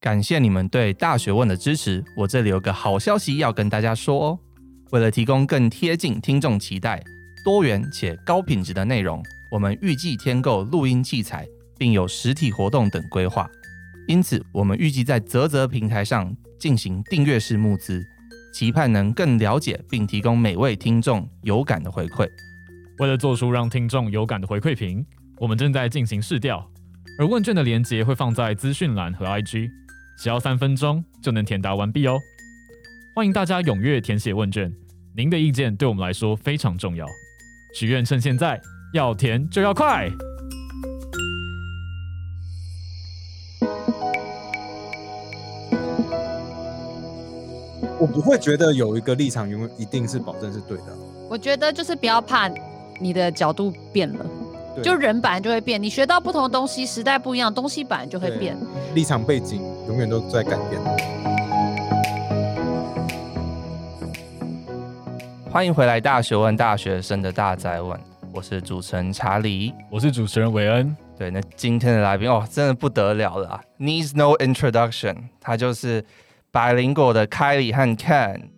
感謝你們對大學問的支持，我這裡有個好消息要跟大家說哦。為了提供更貼近聽眾期待、多元且高品質的內容，我們預計添購錄音器材，並有實體活動等規劃。因此，我們預計在嘖嘖平台上進行訂閱式募資，期盼能更了解並提供每位聽眾有感的回饋。為了做出讓聽眾有感的回饋品，我們正在進行市調，而問卷的連結會放在資訊欄和 IG。只要三分鐘就能填答完畢哦！歡迎大家踴躍填寫問卷，您的意見對我們來說非常重要。許願趁現在，要填就要快。我不會覺得有一個立場永遠一定是保證是對的啊。我覺得就是不要怕你的角度變了。就人本來就會變，你學到不同的東西，時代不一樣，東西本來就會變。立場背景永遠都在改變。歡迎回來《大學問》，大學生的大哉問，我是主持人查理，我是主持人偉恩。對，那今天的來賓哦，真的不得了了啊，Needs no introduction，他就是百靈果的 Kylie 和 Ken。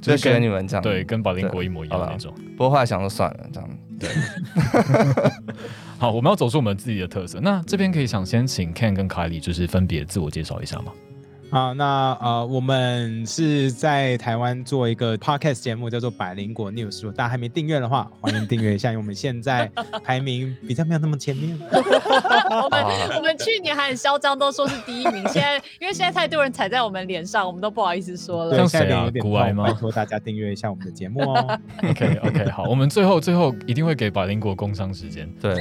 就學你們這樣，對，對跟百靈果一模一樣的那種。不過想就算了，這樣對。 好，我們要走出我們自己的特色。那這邊可以想先請 Ken 跟 Kylie，就是分別自我介紹一下嗎？好，那呃，我們是在台灣做一個 podcast 節目，叫做《百靈果 News》，如果大家還沒訂閱的話，歡迎訂閱一下。 因為我們現在排名比較沒有那麼前面， 我們 我們去年還很囂張，都說是第一名。現在因為現在太多人踩在我們臉上，我們都不好意思說了。像誰啊？有點古嘛嗎？拜託大家訂閱一下我們的節目哦。 OK OK，好，我們最後最後一定會給百靈果工商時間。 對，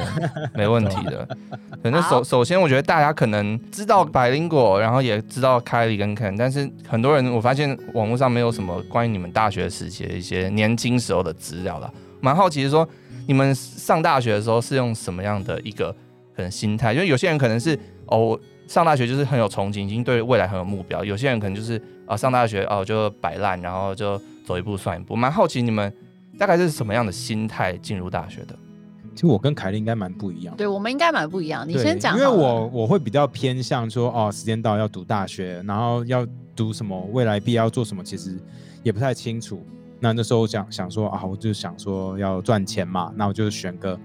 沒問題的。反正首首先，我覺得大家可能知道百靈果，然後也知道看。Kylie 跟 Ken，但是很多人我發現網絡上沒有什麼關於你們大學時期的一些年輕時候的資料了。蠻好奇的，說你們上大學的時候是用什麼樣的一個可能心態？因為有些人可能是哦上大學就是很有憧憬，已經對未來很有目標；有些人可能就是啊、呃、上大學哦就擺爛，然後就走一步算一步。蠻好奇你們大概是什麼樣的心態進入大學的？其實我跟凱莉應該蠻不一樣。對，我們應該蠻不一樣。你先講。因為我我會比較偏向說，哦，時間到要讀大學，然後要讀什麼，未來必要做什麼，其實也不太清楚。那那時候我想想說，啊，我就想說要賺錢嘛，那我就選個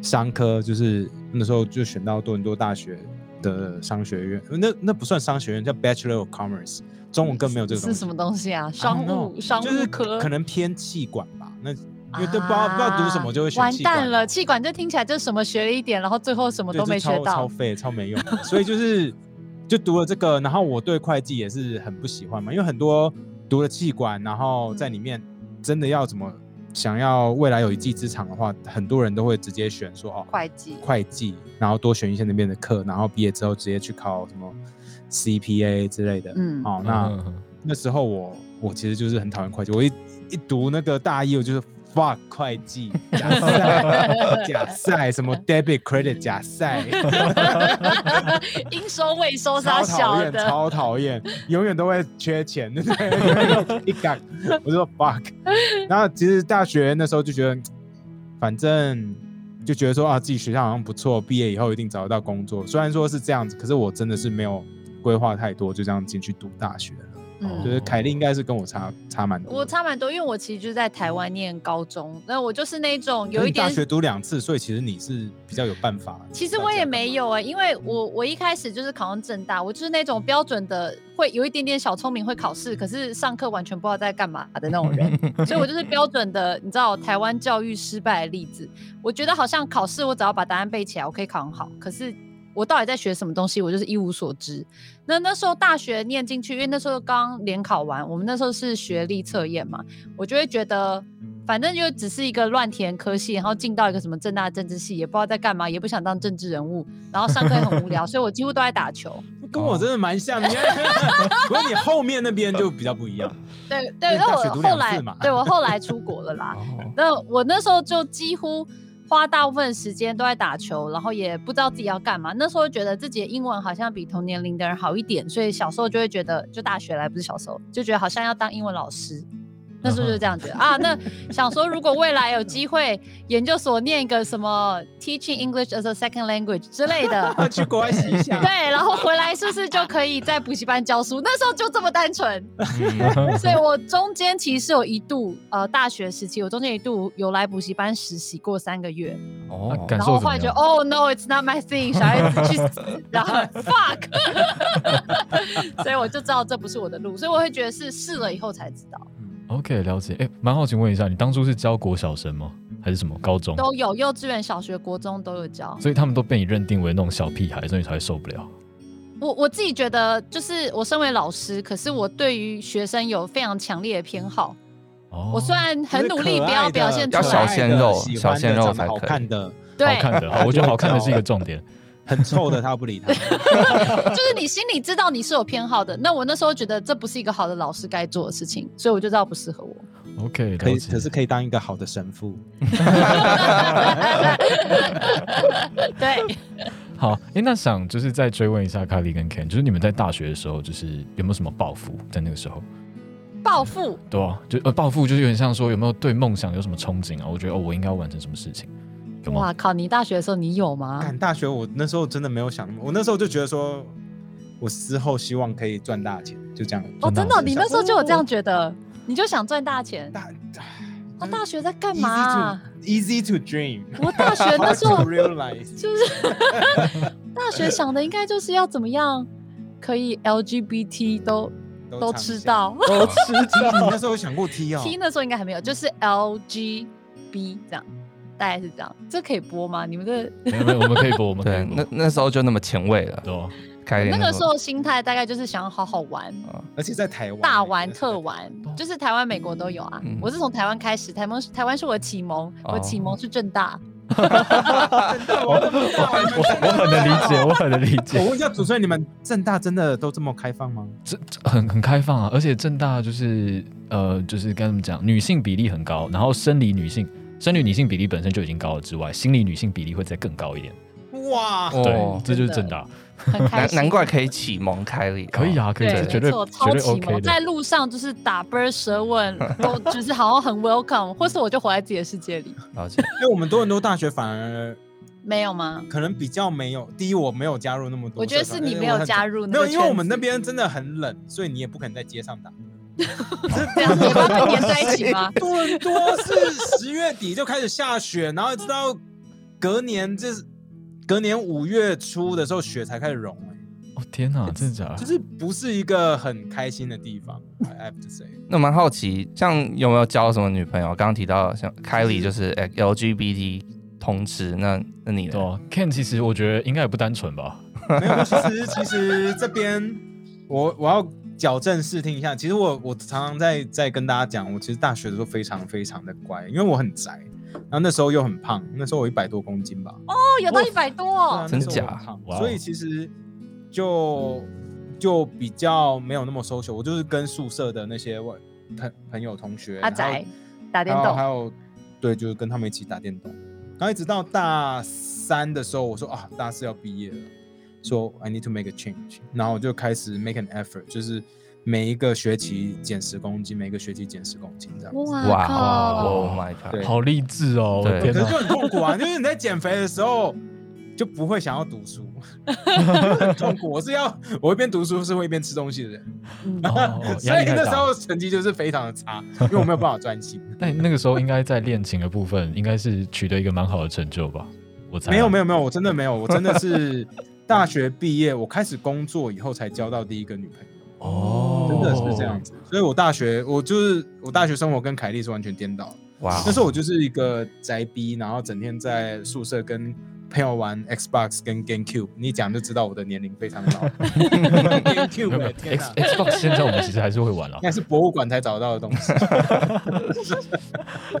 商科，就是那時候就選到多倫多大學的商學院。那那不算商學院，叫 Bachelor of Commerce，中文更沒有這個東西。是什麼東西啊？商務 know, 商務科？就是、可能偏企管吧？那。因為都不知道、啊、不知道讀什麼就會選企管，完蛋了！企管就聽起來就什麼學了一點，然後最後什麼都沒學到，超，超廢 超沒用。所以就是就讀了這個，然後我對會計也是很不喜歡嘛。因為很多讀了企管，然後在裡面真的要怎麼想要未來有一技之長的話，嗯、很多人都會直接選說哦，會計會計，然後多選一些那邊的課，然後畢業之後直接去考什麼 CPA 之類的。嗯，好、哦，那呵呵那時候我我其實就是很討厭會計，我一一讀那個大一，我就是。fuck 會計假賽， 假賽什麼 debit credit 假賽，應 收未收殺小，超討厭，超討厭，永遠都會缺錢。一講 我就說 fuck， 然後其實大學那時候就覺得，反正就覺得說啊，自己學校好像不錯，畢業以後一定找得到工作。雖然說是這樣子，可是我真的是沒有規劃太多，就這樣進去讀大學。就是凱莉應該是跟我差差蠻多，我差蠻多，因為我其實就是在台灣念高中，那我就是那種有一點大學讀兩次，所以其實你是比較有辦法。其實我也沒有哎、欸，因為我我一開始就是考上政大，我就是那種標準的會有一點點小聰明會考試，可是上課完全不知道在幹嘛的那種人， 所以我就是標準的你知道台灣教育失敗的例子。我覺得好像考試我只要把答案背起來，我可以考很好，可是我到底在學什麼東西？我就是一無所知。那那時候大學念進去，因為那時候剛聯考完，我們那時候是學歷測驗嘛，我就會覺得反正就只是一個亂填科系，然後進到一個什麼政大政治系，也不知道在幹嘛，也不想當政治人物，然後上課也很無聊， 所以我幾乎都在打球。跟我真的蠻像的，不過 你後面那邊就比較不一樣。對 對，那我後來，對我後來出國了啦。 那我那時候就幾乎。花大部分時間都在打球，然後也不知道自己要幹嘛。那時候覺得自己的英文好像比同年齡的人好一點，所以小時候就會覺得，就大學來，不是小時候，就覺得好像要當英文老師。那是不是這樣子啊？那想說，如果未來有機會，研究所念一個什麼 Teaching English as a Second Language 之類的， 去國外實習一下，對，然後回來是不是就可以在補習班教書？那時候就這麼單純。 所以我中間其實有一度，呃，大學時期，我中間一度有來補習班實習過三個月。哦。然後我後來就哦、oh, no, it's not my thing，小孩子去 just... 然後 fuck 所以我就知道這不是我的路，所以我會覺得是試了以後才知道。OK，了解。哎、欸，蠻好奇的問一下，你當初是教國小生嗎，還是什麼高中？都有，幼稚園、小學、國中都有教。所以他們都被你認定為那種小屁孩，所以才會受不了。我我自己覺得，就是我身為老師，可是我對於學生有非常強烈的偏好。哦。我雖然很努力，不要表現出來小鮮肉，小鮮肉才可以好看的。對，好看的好，我覺得好看的是一個重點。 很臭的，他不理他。 就是你心裡知道你是有偏好的，那我那時候覺得這不是一個好的老師該做的事情，所以我就知道不適合我。OK，可以，可是可以當一個好的神父。 對，好。哎、欸，那想就是再追問一下，卡莉跟 Ken，就是你們在大學的時候，就是有沒有什麼抱負？在那個時候，抱負、嗯？對啊，就呃，抱負就是有點像說有沒有對夢想有什麼憧憬啊？我覺得、哦、我應該要完成什麼事情。哇、啊、考你大學的時候你有嗎？大學我那時候真的沒有想那麼，我那時候就覺得說，我死後希望可以賺大錢，就這樣。哦，真的、哦，你那時候就有這樣覺得，哦、你就想賺大,大錢。大、啊、大學在幹嘛、啊、easy, to,？Easy to dream。我大學那時候 就是 大學想的應該就是要怎麼樣可以 LGBT 都、嗯、都,都知道，都知道。你那時候有想過 T 哦？T 那時候應該還沒有，就是 LGBT 這樣。大概是這樣，這可以播嗎？你們這，我們可以播嗎？我們播 對，那那時候就那麼前衛了，開、啊、那個時候心態大概就是想好好玩，而且在台灣大玩特玩，就是台灣、美國都有啊。嗯、我是從台灣開始，台灣台灣是我的啟蒙，我啟蒙是政大。政、哦、 大， 我我我,我很能理解，我很能理解。 我問一下主持人，你們政大真的都這麼開放嗎？這，這很很開放啊，而且政大就是呃，就是該怎麼講，女性比例很高，然後生理女性，生理女性比例本身就已經高了，之外，心理女性比例會再更高一點。哇，對，哦、這就是真的、啊。難 難怪可以啟蒙凱莉，可以啊，可以，對絕，對絕對，超啟蒙，OK，在路上就是打 bird 舌吻， 都只是好像很 welcome， 或是我就活在自己的世界裡。啊，因為我們多倫多大學反而沒有嗎？可能比較沒有。第一，我沒有加入那麼多，我覺得是你沒有加入，那、呃加入那，沒有，因為我們那邊真的很冷，所以你也不肯在街上打。是 這樣子，把它們粘在一起嗎？ 多倫多是十月底就開始下雪， 然後直到隔年就是隔年五月初的時候，雪才開始融。哦天哪，真的假的？It's, 就是不是一個很開心的地方。I have to say 那我蠻好奇，像有沒有交什麼女朋友？剛剛提到像 Kylie 就是 LGBT 同志，那那你呢 Ken 其實我覺得應該也不單純吧？ 沒有，其實其實這邊我我要。矯正視聽一下。其實我我常常在在跟大家講，我其實大學的時候非常非常的乖，因為我很宅，然後那時候又很胖，那時候我一百多公斤吧。哦，有到一百多、哦哦啊，真的假的？所以其實就就比較沒有那麼 social。我就是跟宿舍的那些外朋朋友同學阿宅、啊、打電動，還有，還有對，就是跟他們一起打電動。然後一直到大三的時候，我說啊，大四要畢業了。說、so、I need to make a change，然後我就開始 make an effort，就是每一個學期減十公斤，每個學期減十公斤這樣哇、wow！Oh my god！好勵志哦！對、啊，可是就很痛苦啊， 就是你在減肥的時候就不會想要讀書， 很痛苦。我是要我一邊讀書是會一邊吃東西的人， oh, oh, 所以那時候成績就是非常的差， 因為我沒有辦法專心。 但那個時候應該在練琴的部分 應該是取得一個蠻好的成就吧？我才沒有沒有沒有，我真的沒有，我真的是。 大學畢業，我開始工作以後才交到第一個女朋友。哦、oh.，真的是這樣子。所以，我大學我就是我大學生活跟凱莉是完全顛倒。哇、wow.！那時候我就是一個宅逼，然後整天在宿舍跟朋友玩 Xbox、跟 GameCube。你一講就知道我的年齡非常高。 GameCube、欸、 啊、X, Xbox，現在我們其實還是會玩了、啊。應該是博物館才找到的東西。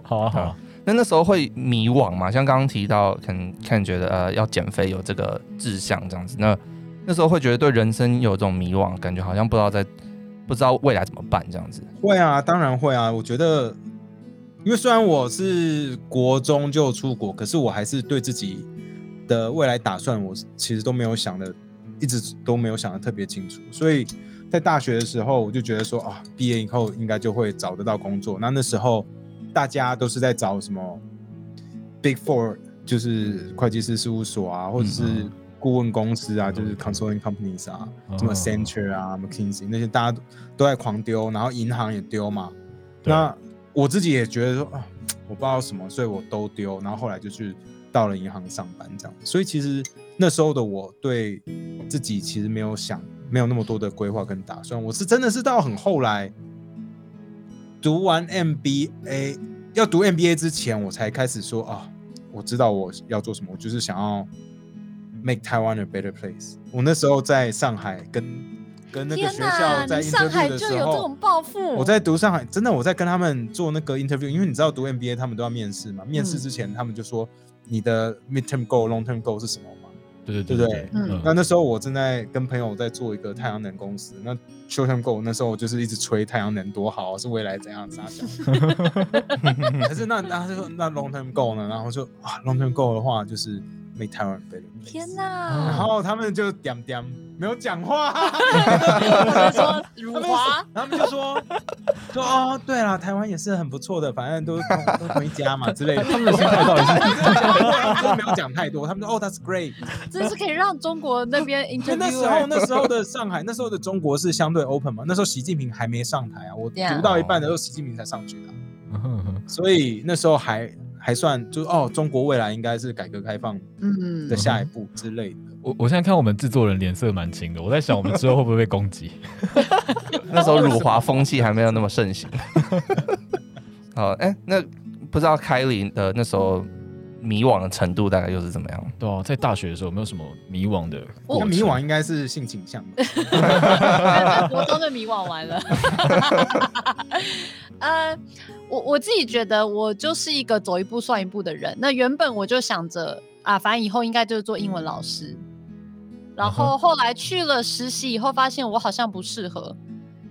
好啊，好啊。那那時候會迷惘嘛？像剛剛提到，可能 Ken 覺得呃要減肥有這個志向這樣子，那那時候會覺得對人生有這種迷惘，感覺好像不知道在不知道未來怎麼辦這樣子。會啊，當然會啊。我覺得，因為雖然我是國中就出國，可是我還是對自己的未來打算，我其實都沒有想的，一直都沒有想的特別清楚。所以在大學的時候，我就覺得說啊，畢業以後應該就會找得到工作。那那時候。大家都是在找什麼 Big Four，就是會計師事務所啊，或者是顧問公司啊，嗯、就是 consulting companies 啊，嗯、什麼 Accenture 啊、哦、McKinsey 那些，大家都在狂丟，然後銀行也丟嘛。那我自己也覺得說、啊，我不知道什麼，所以我都丟，然後後來就去到了銀行上班這樣。所以其實那時候的我對自己其實沒有想沒有那麼多的規劃跟打算，我是真的是到很後來。讀完 MBA，要讀 MBA 之前，我才開始說哦，我知道我要做什麼，我就是想要 make Taiwan a better place。我那時候在上海跟跟那個學校在 Interview 的時候，天哪，你上海就有這種報復。我在讀上海，真的我在跟他們做那個 Interview，因為你知道讀 MBA 他們都要面試嘛，面試之前他們就說你的 midterm goal，long term goal 是什麼？對對對對，對對對，嗯，那那時候我正在跟朋友在做一個太陽能公司，那 short term goal 那時候我就是一直吹太陽能多好，是未來怎樣啥啥，啊，可 是那那說那 long term goal 呢，然後說啊 long term goal 的話就是。沒台灣杯。天吶、啊！然後他們就點點，沒有講話。啊、他們說， 他,們就 他們就說 們就說, 說哦，對了，台灣也是很不錯的，反正都都同一家嘛之類的。 他們的心態到底是？ 都沒有講太多。他們說， 哦，That's great，這是可以讓中國那邊、欸。那時候，那時候的上海，那時候的中國是相對 open 嘛。那時候習近平還沒上台啊，我讀到一半的時候，習近平才上去了，yeah. 所以那時候還。還算就哦，中國未來應該是改革開放的下一步之類的。嗯、我我現在看我們製作人臉色蠻青的，我在想我們之後會不會被攻擊？ 那時候辱華風氣還沒有那麼盛行。好、 哦，哎、欸，那不知道凱林的那時候。嗯迷惘的程度大概又是怎麼樣？對啊，在大學的時候沒有什麼迷惘的。我迷惘應該是性傾向 啊，我真的迷惘完了。呃，我我自己覺得我就是一個走一步算一步的人。那原本我就想着啊，反正以後應該就是做英文老師。然後後來去了實習以後，發現我好像不適合，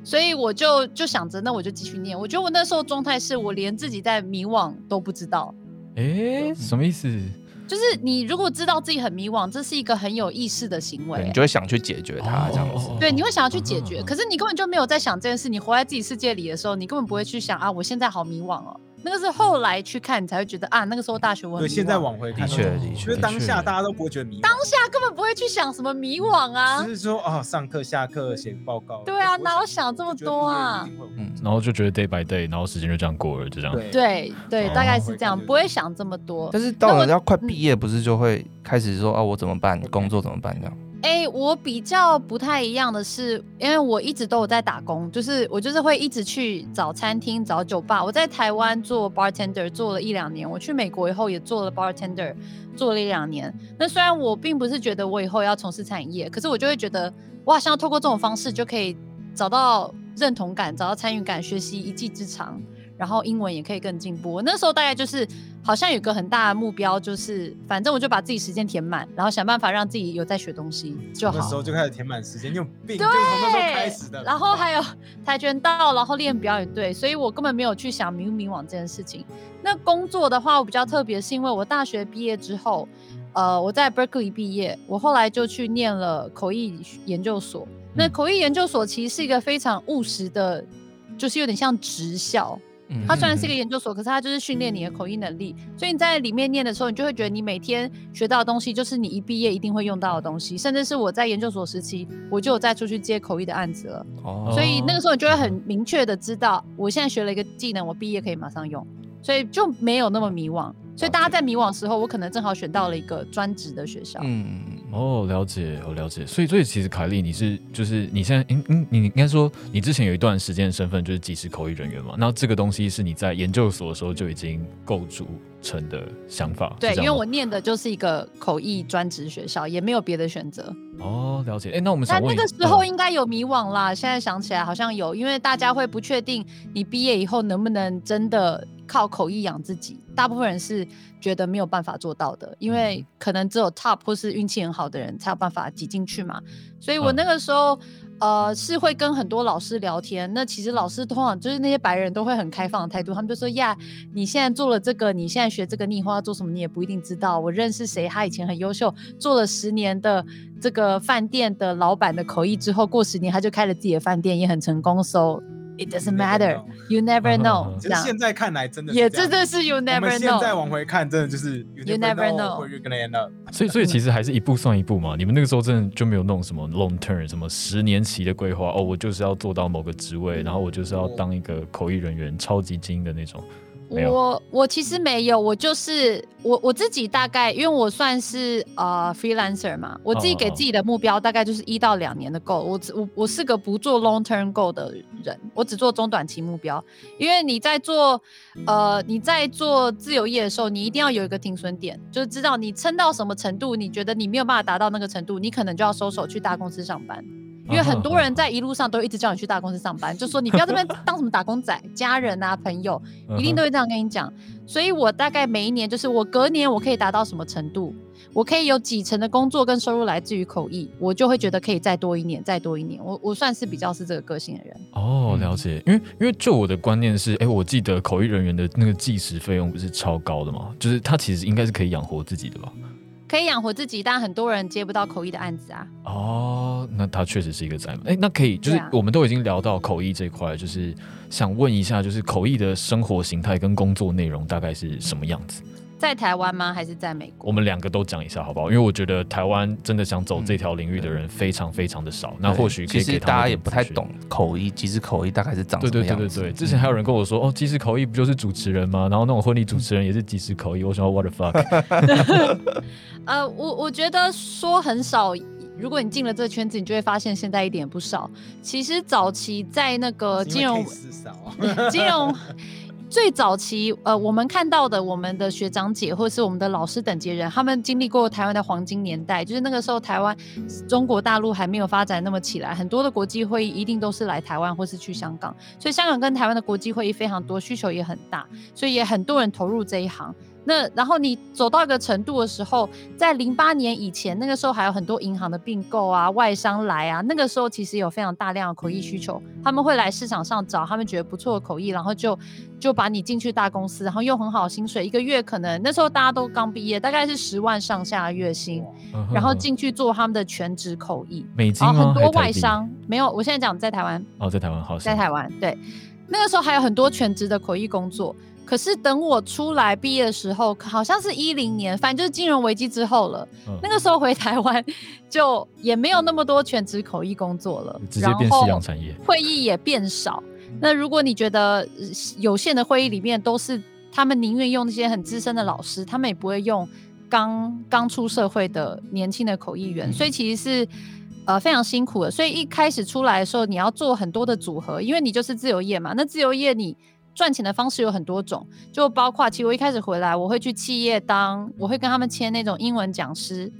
所以我就就想着，那我就繼續念。我覺得我那時候的狀態是我連自己在迷惘都不知道。哎、欸，什麼意思、嗯？就是你如果知道自己很迷惘，這是一個很有意識的行為，你就會想去解決它，哦哦哦哦哦哦哦哦，這樣子。對，你會想要去解決哦哦哦哦哦哦，可是你根本就沒有在想這件事。你活在自己世界裡的時候，你根本不會去想啊，我現在好迷惘哦。那個是後來去看，你才會覺得啊，那個時候大學我很。對，現在往回看。的確，的的的就是、當下大家都不會覺得迷惘。當下根本不會去想什麼迷惘啊。就、嗯、是說啊、哦，上課、下課、寫報告。嗯、對啊，哪有想這麼多啊？嗯，然後就覺得 day by day，然後時間就這樣過了，就這樣。對對，對，大概是這、嗯、是這樣，不會想這麼多。但是到了要快畢業，不是就會開始說、嗯、啊，我怎麼辦？工作怎麼辦這樣？誒、欸，我比較不太一樣的是，因為我一直都有在打工，就是我就是會一直去找餐廳、找酒吧。我在台灣做 bartender 做了一兩年，我去美國以後也做了 bartender 做了一兩年。那雖然我並不是覺得我以後要從事產業，可是我就會覺得我好像要透過這種方式就可以找到認同感、找到參與感、學習一技之長。然後英文也可以更進步。我那時候大概就是好像有個很大的目標，就是反正我就把自己時間填滿，然後想辦法讓自己有在學東西就好。嗯、那時候就開始填滿時間，因病就是從那時候開始的。然後還有跆拳道，然後練表演隊，所以我根本沒有去想迷不迷惘這件事情。那工作的話，我比較特別，是因為我大學畢業之後，呃，我在 Berkeley 畢業，我後來就去念了口譯研究所。那口譯研究所其實是一個非常務實的，就是有點像職校。它雖然是一個研究所，可是它就是訓練你的口譯能力。嗯。所以你在裡面念的時候，你就會覺得你每天學到的東西就是你一畢業一定會用到的東西。甚至是我在研究所時期，我就有再出去接口譯的案子了。哦。所以那個時候你就會很明確的知道，我現在學了一個技能，我畢業可以馬上用，所以就沒有那麼迷惘。所以大家在迷惘的時候，我可能正好選到了一個專職的學校。嗯。哦，了解，我了解。所以，所以其實凱麗，你是就是你現在，應、嗯、應你應該說你之前有一段時間的身份就是即時口譯人員嘛？那這個東西是你在研究所的時候就已經構築成的想法？對，因為我念的就是一個口譯專職學校，也沒有別的選擇。哦，了解。哎、欸，那我們那那個時候應該有迷惘啦、嗯。現在想起來好像有，因為大家會不確定你畢業以後能不能真的。靠口譯養自己，大部分人是覺得沒有辦法做到的，因為可能只有 top 或是運氣很好的人才有辦法擠進去嘛。所以我那個時候、啊，呃，是會跟很多老師聊天，那其實老師通常就是那些白人都會很開放的態度，他們就說：呀，你現在做了這個，你現在學這個逆化做什麼？你也不一定知道。我認識誰，他以前很優秀，做了十年的這個飯店的老板的口譯之後，過十年他就開了自己的飯店，也很成功，收、so。It doesn't matter. You never know. You never know.、Um, no. 現在看來，真的是也真的是 you never know。再往回看，真的就是 you never, you never know where you're gonna end up。所以，所以其實還是一步算一步嘛。你們那個時候真的就沒有弄什麼 long term，什麼十年期的規劃哦。我就是要做到某個職位、嗯，然後我就是要當一個口譯人員，哦、超級精英的那種。我我其實沒有，我就是我我自己大概，因為我算是呃 freelancer 嘛，我自己給自己的目標大概就是一到兩年的 goal，oh, oh, oh. 我只我我是個不做 long term goal 的人，我只做中短期目標，因為你在做呃你在做自由業的時候，你一定要有一個停損點，就是知道你撐到什麼程度，你覺得你沒有辦法達到那個程度，你可能就要收手去大公司上班。因為很多人在一路上都一直叫你去大公司上班， 就說你不要這邊當什麼打工仔， 家人啊朋友一定都會這樣跟你講。 所以，我大概每一年就是我隔年我可以達到什麼程度，我可以有幾成的工作跟收入來自於口譯，我就會覺得可以再多一年，再多一年。我我算是比較是這個個性的人。哦，了解。因為因為就我的觀念是，哎，我記得口譯人員的那個計時費用不是超高的嗎？就是他其實應該是可以養活自己的吧。可以養活自己，但很多人接不到口譯的案子啊。哦，那他確實是一個窄門。哎，那可以，就是我們都已經聊到口譯這塊，啊、就是想問一下，就是口譯的生活形態跟工作內容大概是什麼樣子？嗯在台灣嗎？還是在美國？我們兩個都講一下好不好？因為我覺得台灣真的想走這條領域的人，嗯、非常非常的少。那或許其實大家也不太懂口譯，即時口譯大概是長什麼樣子對對對，對之前還有人跟我說、嗯、哦，即時口譯不就是主持人嗎？然後那種婚禮主持人也是即時口譯、嗯。我想說 What the fuck？呃、 uh，我我覺得說很少。如果你進了這圈子，你就會發現現在一點也不少。其實早期在那個金融，金融。 最早期，呃，我們看到的我們的學長姐或是我們的老師等級人，他們經歷過台灣的黃金年代，就是那個時候台灣中國大陸還沒有發展那麼起來，很多的國際會議一定都是來台灣或是去香港，所以香港跟台灣的國際會議非常多，需求也很大，所以也很多人投入這一行。那然後你走到一個程度的時候，在零八年以前，那個時候還有很多銀行的併購啊，外商來啊，那個時候其實有非常大量的口譯需求，嗯、他們會來市場上找他們覺得不錯的口譯，然後就就把你進去大公司，然後用很好的薪水，一個月可能那時候大家都剛畢業，大概是十萬上下的月薪、嗯嗯，然後進去做他們的全職口譯，然後很多外商沒有，我現在講在台灣哦，在台灣好在台灣對，那個時候還有很多全職的口譯工作。可是等我出來畢業的時候，好像是一零年，反正就是金融危機之後了，嗯。那個時候回台灣，就也沒有那麼多全職口譯工作了，直接變夕陽產業。然後會議也變少，嗯。那如果你覺得有限的會議裡面都是他們寧願用那些很資深的老師，他們也不會用剛剛出社會的年輕的口譯員，嗯，所以其實是呃非常辛苦的。所以一開始出來的時候，你要做很多的組合，因為你就是自由業嘛。那自由業你。賺錢的方式有很多種，就包括其實我一開始回來，我會去企業當，我會跟他們簽那種英文講師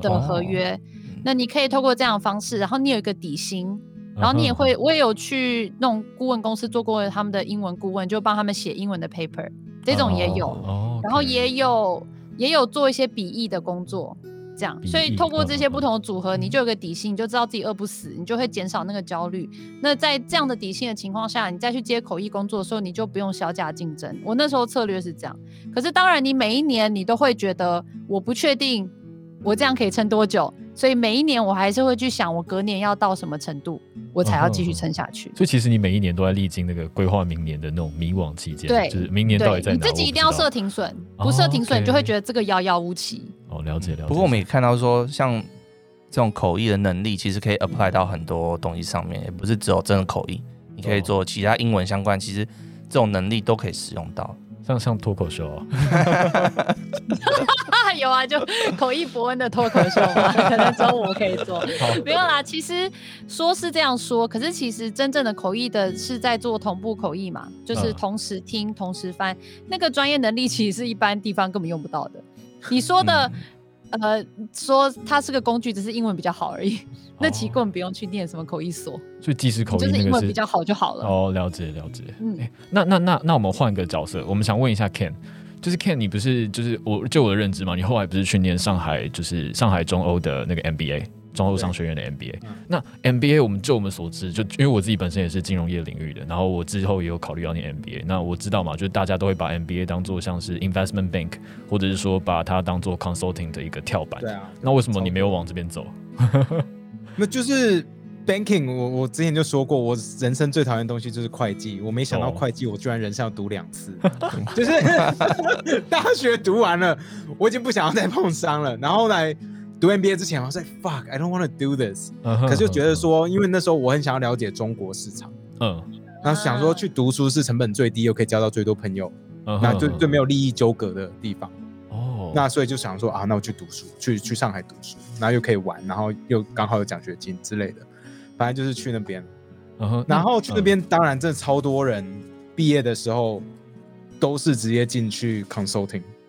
的合約。Uh, uh, oh, 那你可以透過這樣的方式，然後你有一個底薪，然後你也會、uh-huh. 我也有去那種顧問公司做過他們的英文顧問，就幫他們寫英文的 paper，這種也有，oh, 然後也有、okay. 也有做一些筆譯的工作。這樣，所以透過這些不同的組合，你就有個底薪，你就知道自己餓不死，你就會減少那個焦慮。那在這樣的底薪的情況下，你再去接口譯工作的時候，你就不用削價競爭。我那時候策略是這樣，可是當然你每一年你都會覺得，我不確定我這樣可以撐多久。所以每一年我還是會去想，我隔年要到什麼程度，我才要繼續撐下去，哦呵呵。所以其實你每一年都在歷經那個規劃明年的那種迷惘期間，就是明年到底在哪。你自己一定要設停損，哦，不設停損，okay，你就會覺得這個遙遙無期。哦，了解了解，嗯。不過我們也看到說，像這種口譯的能力，其實可以 apply 到很多東西上面，也不是只有真的口譯，你可以做其他英文相關，其實這種能力都可以使用到。像像脫口秀、哦， 有啊，就口譯博恩的脫口秀嘛，可能只有我可以做。沒有啦，其實說是這樣說，可是其實真正的口譯的是在做同步口譯嘛，就是同時聽、嗯、同時翻，那個專業能力其實是一般地方根本用不到的。你說的。嗯呃，說它是個工具，只是英文比較好而已。那、哦、其實根本不用去念什麼口譯所，所以即使口譯就是英文比較好就好了。哦，了解，了解。嗯，欸、那那那那我們換個角色，我們想問一下 Ken，就是 Ken，你不是就是我就我的認知嗎，你後來不是去念上海就是上海中歐的那個 MBA。中歐商學院的 MBA，、嗯、那 MBA 我們就我們所知，就因為我自己本身也是金融業領域的，然後我之後也有考慮要念 MBA。那我知道嘛，就大家都會把 MBA 當做像是 investment bank，或者是說把它當做 consulting 的一個跳板。對啊。那為什麼你沒有往這邊走？ 那就是 banking 我。我我之前就說過，我人生最討厭的東西就是會計。我沒想到會計，oh. 我居然人生要讀兩次， 就是 大學讀完了，我已經不想要再碰商了，然後來。讀 MBA 之前，我在 fuck，I don't wanna do this、uh-huh, 可是就覺得說，uh-huh. 因為那時候我很想要了解中國市場，嗯、uh-huh.，然後想說去讀書是成本最低，又可以交到最多朋友，那、uh-huh, 最、uh-huh. 最沒有利益糾葛的地方。哦、oh.，那所以就想說啊，那我去讀書，去去上海讀書，然後又可以玩，然後又剛好有獎學金之類的，反正就是去那邊。Uh-huh. 然後去那邊，uh-huh. 當然真的超多人畢業的時候都是直接進去 consulting。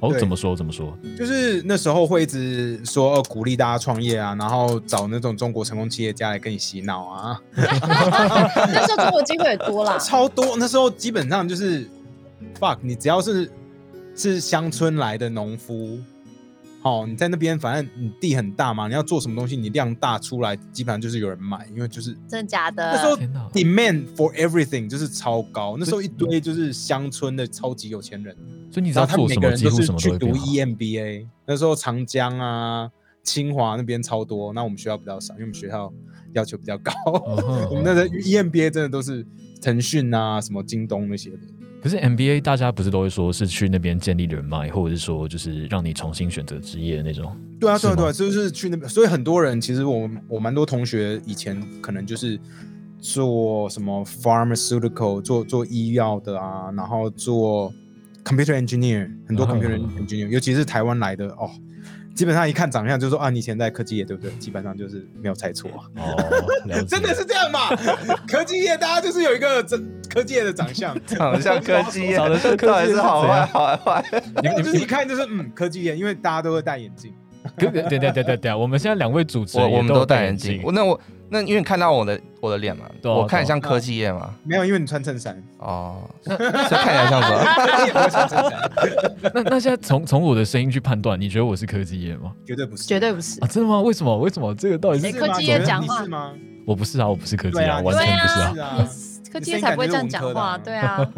哦，怎麼說？怎麼說？就是那時候會一直說，呃，鼓勵大家創業啊，然後找那種中國成功企業家來跟你洗腦啊。 那時候中國機會也多啦，超多。那時候基本上就是 fuck， 嗯，你只要是是鄉村來的農夫。哦，你在那邊，反正你地很大嘛，你要做什麼東西，你量大出來，基本上就是有人買，因為就是真的假的？那時候 demand for everything 就是超高，那時候一堆就是鄉村的超級有錢人，所以你知道什麼他們每個人都是去讀 EMBA，什麼那時候長江啊、清華那邊超多，那我們學校比較少，因為我們學校要求比較高。嗯 嗯、我們那個 EMBA 真的都是騰訊啊、什麼京東那些的。可是 MBA 大家不是都會說是去那邊建立人脈，或者是說就是讓你重新選擇職業那種？對啊，對啊，對啊，就是去那邊。所以很多人其實我我蠻多同學以前可能就是做什麼 pharmaceutical 做做醫藥的啊，然後做 computer engineer，很多 computer engineer，嗯嗯嗯嗯，尤其是台灣來的哦，基本上一看長相就說啊，你以前在科技業對不對？基本上就是沒有猜錯啊。哦， 真的是這樣嘛？ 科技業大家就是有一個真科技業的長相，長 得像科技業，長得像科技，到底是好壞，好壞。你 你是一你 看就是嗯，科技業，因為大家都會戴眼鏡。對對對對對，我們現在兩位主持人，我們都戴眼鏡。那我那，因為看到我的我的臉嘛對、啊，我看你像科技業嘛。沒有，因為你穿襯衫。哦，所以看起來像什麼？穿襯衫。那那現在從從我的聲音去判斷，你覺得我是科技業嗎？絕對不是，絕對不是。啊，真的嗎？為什麼？為什麼？這個到底是科技業講話嗎？我不是啊，我不是科技業啊，啊。完全不是啊。是啊 可這些才不會這樣講話、啊，對啊，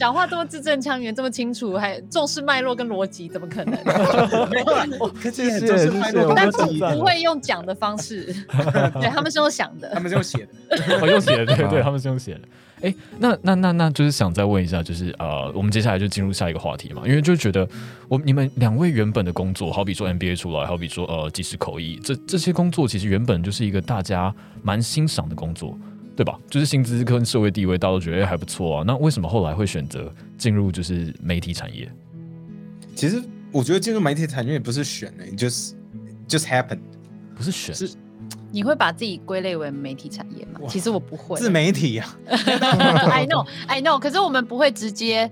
講 話這麼字正腔圓，這麼清楚，還重視脈絡跟邏輯，怎麼可能？可、 喔、這些但不不會用講的方式， 想 對，他們是用想的，他們是用寫的，他 是、哦、用寫的，對，對對，他們是用寫的。哎、 欸，那那那那，那那就是想再問一下，就是，呃，我們接下來就進入下一個話題嘛，因為就覺得我們你們兩位原本的工作，好比說 MBA 出來，好比說呃即時口譯，這這些工作其實原本就是一個大家蠻欣賞的工作。對吧？就是薪資跟社會地位，大家都覺得、欸、還不錯啊。那為什麼後來會選擇進入就是媒體產業？其實我覺得進入媒體產業也不是選的、欸，就是就是 just happen，不是選。是你會把自己歸類為媒體產業嗎？其實我不會，自媒體呀、啊。 I know, I know。可是我們不會直接。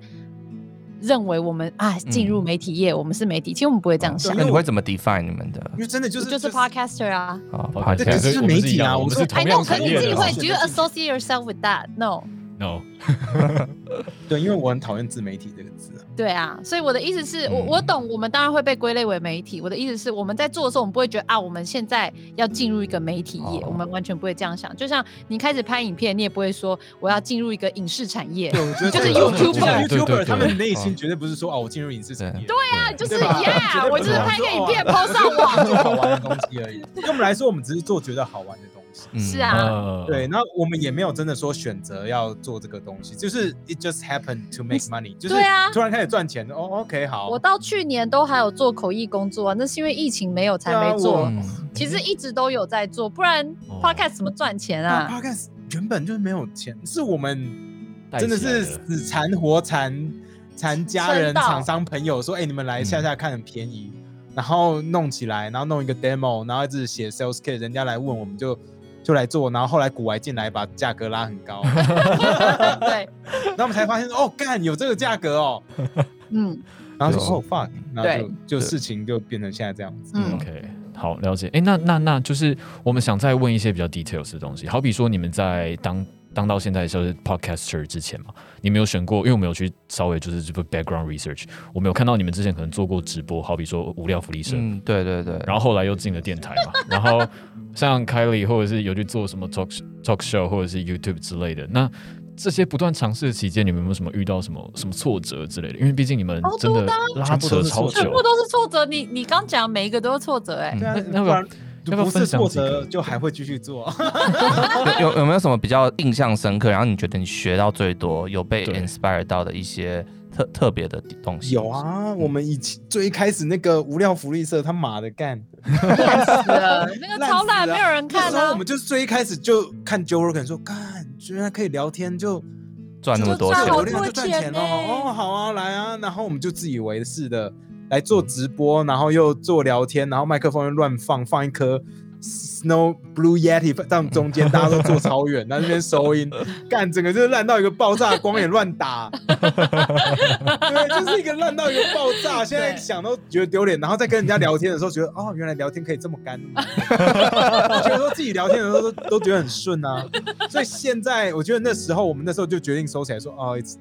認為我們啊進入媒體業、嗯，我們是媒體。其實我們不會這樣想。那、啊、你會怎麼 define 你們的？因為真的就是就是 podcaster 啊，啊這就是，是，是媒體啊，我們是同樣自己會 Do you associate yourself with that? No. 哦、no. 對，因為我很討厭自媒體這個字。對啊，所以我的意思是，嗯、我我懂，我們當然會被歸類為媒體。我的意思是，我們在做的時候，我們不會覺得啊，我們現在要進入一個媒體業、啊，我們完全不會這樣想。就像你開始拍影片，你也不會說我要進入一個影視產業。就是 YouTuber。YouTuber、就是就是就是、他們內心絕對不是說哦、啊，我進入影視產業。對,對,對,對,對啊，就是 yeah， 我,我就是拍一個影片拋上網好玩的東西而已。對我們來說，我們只是做覺得好玩的東嗯、是啊，對，那我們也沒有真的說選擇要做這個東西，就是 it just happened to make money，對、啊、就是突然開始賺錢。哦，OK，好。我到去年都還有做口譯工作，那是因為疫情沒有才沒做。啊、其實一直都有在做，不然 podcast 怎麼賺錢啊、哦、？podcast 原本就是沒有錢，是我們真的是死纏活纏纏家人、廠商、朋友說，哎、欸，你們來下下看很便宜、嗯，然後弄起來，然後弄一個 demo，然後一直寫 sales case，人家來問我們就。就來做，然後後來股癌進來把價格拉很高， 對， 然後我們才發現哦，幹有這個價格哦， 嗯，然後就哦、啊 oh、，fun，然後就對，就事情就變成現在這樣子。嗯、o、okay, k 好了解。哎、欸，那那那就是我們想再問一些比較 details 的東西，好比說你們在當當到現在的時候是 podcaster 之前嘛，你們有選過，因為我們有去稍微就是這個 background research，我沒有看到你們之前可能做過直播，好比說無料福利社，嗯、對，對對對，然後後來又進了電台嘛， 然後。像 Kylie，或者是有去做什麼 talk show, talk show，或者是 YouTube 之類的。那這些不斷嘗試期間，你們有沒有什麼遇到什麼什麼挫折之類的？因為畢竟你們真的拉扯、哦、挫折挫折超久，全部都是挫折。你你剛講每一個都是挫折、欸，哎、嗯，那要不要不是挫折就還會繼續做。 有有，有沒有什麼比較印象深刻？然後你覺得你學到最多，有被 inspire 到的一些？特特別的東西，有啊，我們以前最一開始那個無料福利社他馬，他媽的幹，那個超爛，沒有人看，啊。然後我們就最一開始就看 Joe Rogan 說，幹，居然可以聊天就賺那麼多錢，流量就賺錢了，欸。哦，好啊，來啊，然後我們就自以為是的來做直播，然後又做聊天，然後麥克風又亂放，放一顆。Snow Blue Yeti 在中間，大家都坐超遠，那 那邊收音幹，整個就是爛到一個爆炸，光也亂打。 對，就是一個爛到一個爆炸。現在想都覺得丟臉，然後再跟人家聊天的時候，覺得 哦，原來聊天可以這麼幹。我覺 得說自己聊天的時候都， 都覺得很順啊。所以現在我覺得那時候，我們那時候就決定收起來說，說哦，it's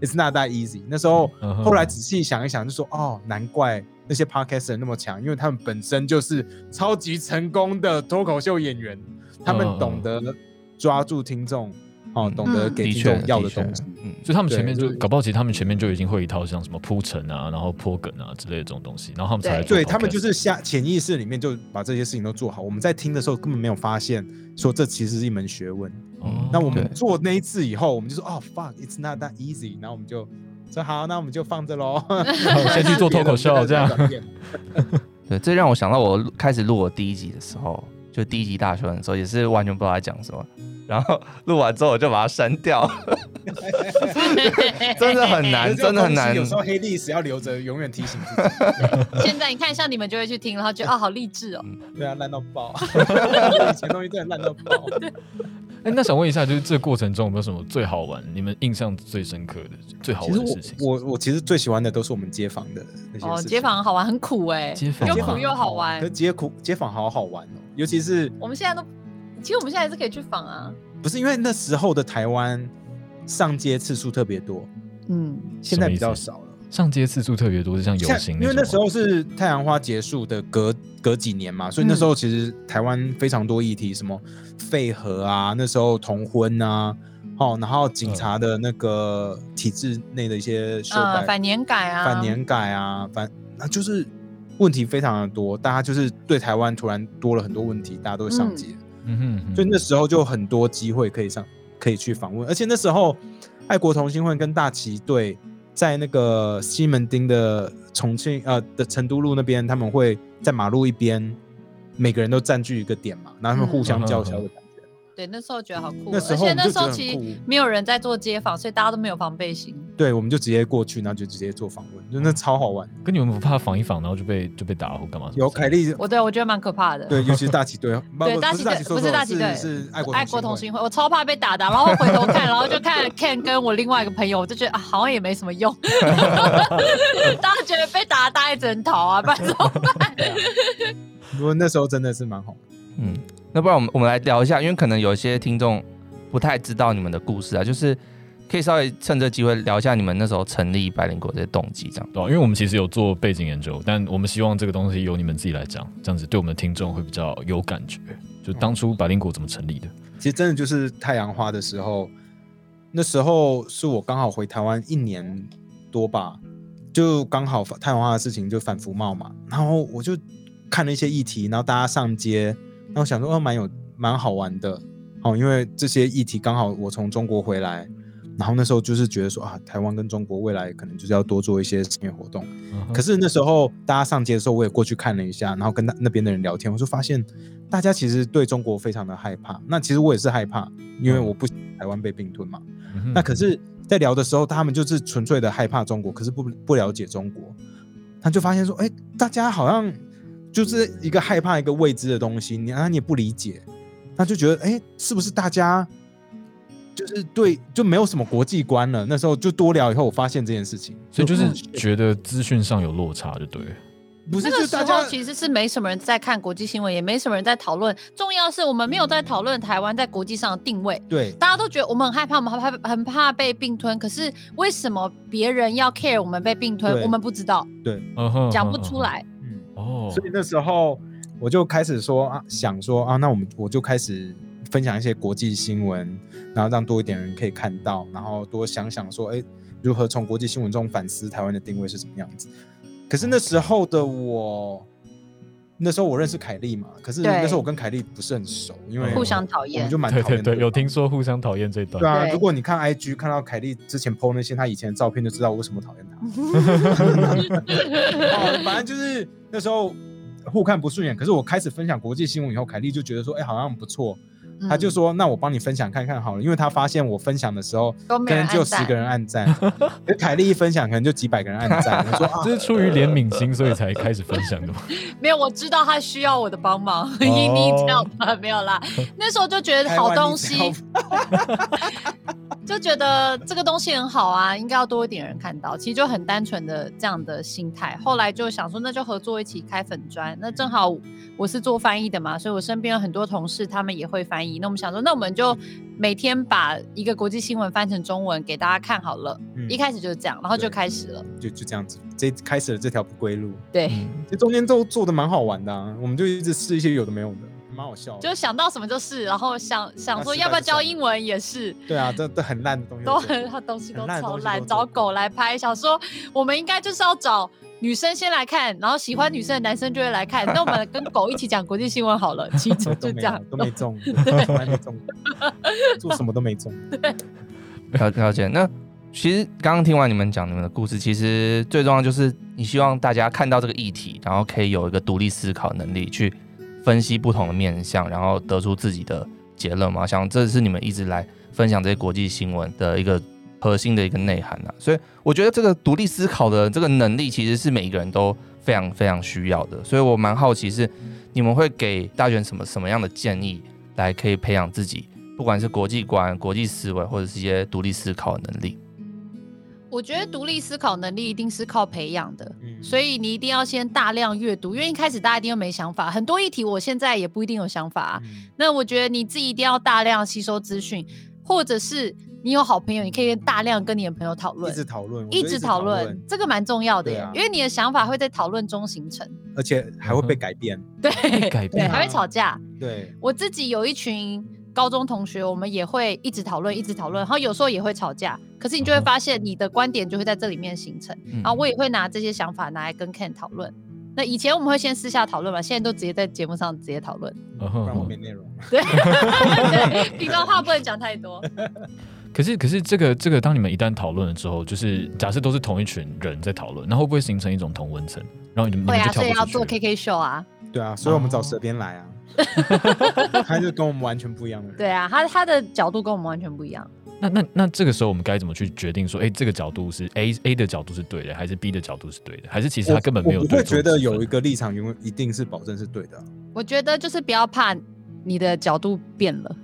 it's not that easy。那時候、uh -huh. 後來仔細想一想，就說哦，難怪。這些 Podcast 那麼強，因為他們本身就是超級成功的脫口秀演員，他們懂得抓住聽眾、嗯，哦，懂得的確，給聽眾要的東西。嗯，就、嗯、他們前面就搞不好，其實他們前面就已經會一套像什麼鋪陳啊、嗯，然後破梗啊之類的這種東西，然後他們才做對，對，他們就是下潛意識裡面就把這些事情都做好。我們在聽的時候根本沒有發現說這其實是一門學問。哦、嗯，那我們做那一次以後，我們就說，哦、oh，fuck，it's not that easy，然後我們就。說好，那我們就放着嘍。 我先去做脫口秀，這樣。 對，這讓我想到我開始錄我第一集的時候，就第一集大學的時候，也是完全不知道他講什麼。然後錄完之後，我就把它刪掉。 真的很難 欸欸欸欸欸，真的很難。就是、有時候黑歷史要留着，永遠提醒自己。是是 現在你看一下，你們就會去聽，然後覺得哦，好勵志哦、嗯。對啊，爛到爆。 以前東西真的爛到爆。 哎、欸，那想問一下，就是這個過程中有沒有什麼最好玩，你們印象最深刻的，最好玩的事情？其實我我，我其實最喜歡的都是我們街訪的那些事情。哦，街訪好玩，很苦哎，欸，街訪又苦，啊，又好玩。可是街苦街訪好好玩哦，尤其是我們現在都，其實我們現在還是可以去訪啊，不是因為那時候的台灣上街次數特別多，嗯，現在比較少了。上街次數特別多，就像遊行，因為那時候是太陽花結束的隔隔幾年嘛，所以那時候其實台灣非常多議題，嗯、什麼廢核啊，那時候同婚啊，哦，然後警察的那個體制內的一些修改，呃，反年改啊，反年改啊，反那就是問題非常的多，大家就是對台灣突然多了很多問題，大家都會上街嗯。嗯哼，哼，所以那時候就很多機會可以上，可以去訪問，而且那時候愛國同心會跟大旗隊在那個西門町的重慶，呃，的成都路那邊，他們會在馬路一邊，每個人都佔據一個點嘛，然後他們互相叫囂的。嗯嗯嗯嗯對，那時候覺得好酷。那時候就很酷。而且那時候其實沒有人在做街訪，所以大家都沒有防備心。對，我們就直接過去，然後就直接做訪問、嗯，就那超好玩。跟你們不怕訪一訪，然後就被就被打或幹嘛？有凱莉，我對我覺得蠻可怕的。對，尤其是大旗隊。 對大旗隊，不是大旗隊是愛國愛國同心會，我超怕被打的。然後回頭看， 然後就看 Ken 跟我另外一個朋友， 我就覺得啊，好像也沒什麼用。 大家覺得被打，大一只能啊，白白 啊，不然怎麼辦？不過那時候真的是蠻好。嗯。那不然我們我們來聊一下，因為可能有一些聽眾不太知道你們的故事啊，就是可以稍微趁這機會聊一下你們那時候成立百靈果的動機這樣。對、啊，因為我們其實有做背景研究，但我們希望這個東西由你們自己來講，這樣子對我們的聽眾會比較有感覺。就當初百靈果怎麼成立的？嗯，其實真的就是太陽花的時候，那時候是我剛好回台灣一年多吧，就剛好太陽花的事情就反服貿嘛，然後我就看了一些議題，然後大家上街。然後想說，哦，蠻有蠻好玩的，好、哦，因為這些議題剛好我從中國回來，然後那時候就是覺得說，啊，台灣跟中國未來可能就是要多做一些正面活動。Uh -huh. 可是那時候大家上街的時候，我也過去看了一下，然後跟那那邊的人聊天，我就發現大家其實對中國非常的害怕。那其實我也是害怕，因為我不喜歡台灣被併吞嘛。Uh -huh. 那可是，在聊的時候，他們就是純粹的害怕中國，可是不不了解中國，他就發現說，哎、欸，大家好像。就是一個害怕一個未知的東西，你啊，你也不理解，他就覺得哎、欸，是不是大家就是對，就沒有什麼國際觀了？那時候就多聊以後，我發現這件事情，所以就是覺得資訊上有落差，就對了。不是，那個時候其實是沒什麼人在看國際新聞，也沒什麼人在討論。重要是我們沒有在討論台灣在國際上的定位。對、嗯，大家都覺得我們很害怕，我們很怕很怕被併吞。可是為什麼別人要 care 我們被併吞？我們不知道，對，講不出來。Uh-huh. 哦，所以那時候我就開始說啊，想說啊，那我們我就開始分享一些國際新聞，然後讓多一點人可以看到，然後多想想說，哎，如何從國際新聞中反思台灣的定位是什麼樣子？可是那時候的我。那時候我認識凱莉嘛，可是那時候我跟凱莉不是很熟，因為互相討厭，我們就蠻討厭的。對對對。有聽說互相討厭這一段，對啊對。如果你看 IG 看到凱莉之前 po 那些她以前的照片，就知道我為什麼討厭她。 反正就是那時候互看不順眼。可是我開始分享國際新聞以後，凱莉就覺得說：“哎、欸，好像不錯。”他就說：“那我幫你分享看看好了，因為他發現我分享的時候，可能只有就十個人按讚， 凱莉一分享，可能就幾百個人按讚。他 說，這是出於憐憫心， 所以才開始分享的嗎？沒有，我知道他需要我的幫忙，你你知道沒有啦，那時候就覺得好東西。” 就覺得這個東西很好啊，應該要多一點人看到。其實就很單純的這樣的心態。後來就想說，那就合作一起開粉專，那正好我是做翻譯的嘛，所以我身邊有很多同事，他們也會翻譯。那我們想說，那我們就每天把一個國際新聞翻成中文給大家看好了，嗯，一開始就是這樣，然後就開始了，就就這樣子，這開始了這條不歸路。對，這、嗯、中間都做的蠻好玩的啊，我們就一直試一些有的沒有的。蠻好笑，就想到什麼就是，然後想想說要不要教英文也是。啊對啊，這這很爛的東西，都很爛東西都超，超爛。找狗來拍，想說，我們應該就是要找女生先來看，然後喜歡女生的男生就會來看。嗯、那我們跟狗一起講國際新聞好了， 其實就這樣都，都沒中，都，對對都沒中，做什麼都沒中。姚姚姐，那其實剛剛聽完你們講你們的故事，其實最重要就是你希望大家看到這個議題，然後可以有一個獨立思考能力去，分析不同的面向，然後得出自己的結論嘛。我想這是你們一直來分享這些國際新聞的一個核心的一個內涵啊。所以我覺得這個獨立思考的這個能力，其實是每一個人都非常非常需要的。所以我蠻好奇是你們會給大學生什麼什麼樣的建議，來可以培養自己，不管是國際觀、國際思維，或者是一些獨立思考的能力。我覺得獨立思考能力一定是靠培養的、嗯，所以你一定要先大量閱讀，因為一開始大家一定沒想法，很多議題我現在也不一定有想法、啊嗯。那我覺得你自己一定要大量吸收資訊，或者是你有好朋友，你可以大量跟你的朋友討論、嗯，一直討論，一直討論，這個蠻重要的呀、啊，因為你的想法會在討論中形成，而且還會被改變， 對，被改變、啊，還會吵架，對，我自己有一群。高中同學，我們也會一直討論，一直討論，然後有時候也會吵架。可是你就會發現，你的觀點就會在這裡面形成、哦。然後我也會拿這些想法拿來跟 Ken 討論、嗯。那以前我們會先私下討論嘛，現在都直接在節目上直接討論，不然我沒內容。對，平 常 話不能講太多。可是，可是這個這個，當你們一旦討論了之後，就是假設都是同一群人在討論，然後會不會形成一種同溫層？然後你們會啊，所以要做 KK show 啊。對啊，所以我們找舌邊來啊，他、啊、就是跟我們完全不一樣的人。 對啊，他他的角度跟我們完全不一樣。那那那這個時候我們該怎麼去決定說，哎、欸，這個角度是 A A 的角度是對的，還是 B 的角度是對的，還是其實他根本沒有對？我不會覺得有一個立場，永遠一定是保證是對的、啊。我覺得就是不要怕你的角度變了，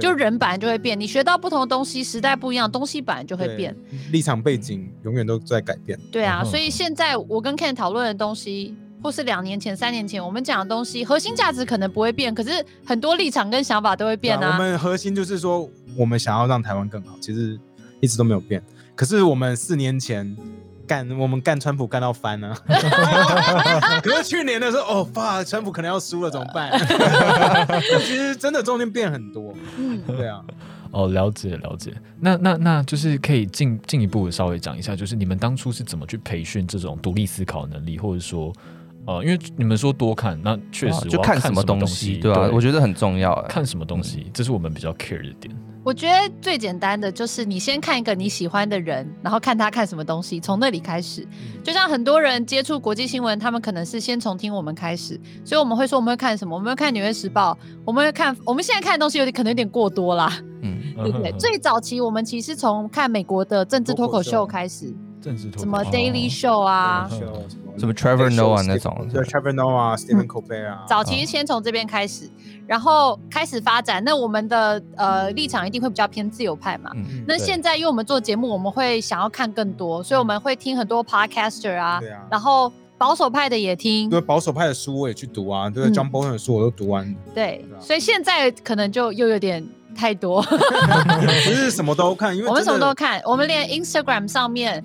就人本來就會變，你學到不同的東西，時代不一樣，東西本來就會變，立場背景永遠都在改變。對啊，所以現在我跟 Ken 討論的東西，或是兩年前、三年前，我們講的東西核心價值可能不會變，可是很多立場跟想法都會變啊,啊。我們核心就是說，我們想要讓台灣更好，其實一直都沒有變。可是我們四年前幹，我們幹川普幹到翻了、啊。 可是去年的時候，哦， 哇，川普可能要輸了，怎麼辦？ 其實真的中間變很多。嗯，對啊。哦，了解了,了解。那那那就是可以進進一步稍微講一下，就是你們當初是怎麼去培訓這種獨立思考能力，或者說？哦，因為你們說多看，那確實我看就看什麼東西，對吧、啊？我覺得很重要、啊。看什麼東西、嗯，這是我們比較 care 的點。我覺得最簡單的就是，你先看一個你喜歡的人、嗯，然後看他看什麼東西，從那裡開始、嗯。就像很多人接觸國際新聞，他們可能是先從聽我們開始，所以我們會說我們會看什麼，我們會看《紐約時報》，嗯，我們會看我們現在看的東西有點可能有點過多啦，嗯，對不對？最早期我們其實從看美國的政治脫口秀開始，政治脫口什麼 Daily Show 啊。哦啊什麼 Trevor Noah 那種，Trevor Noah、Stephen Colbert 啊。早期先從這邊開始，然後開始發展。嗯、那我們的呃立場一定會比較偏自由派嘛。嗯、那現在因為我們做節目，我們會想要看更多、嗯，所以我們會聽很多 podcaster 啊、嗯。然後保守派的也聽。對，保守派的書我也去讀啊。對，對、嗯、John Bolton 的書我都讀完。對，所以現在可能就又有點太多。不 是什麼都看，因為我們什麼都看，我們連 Instagram 上面。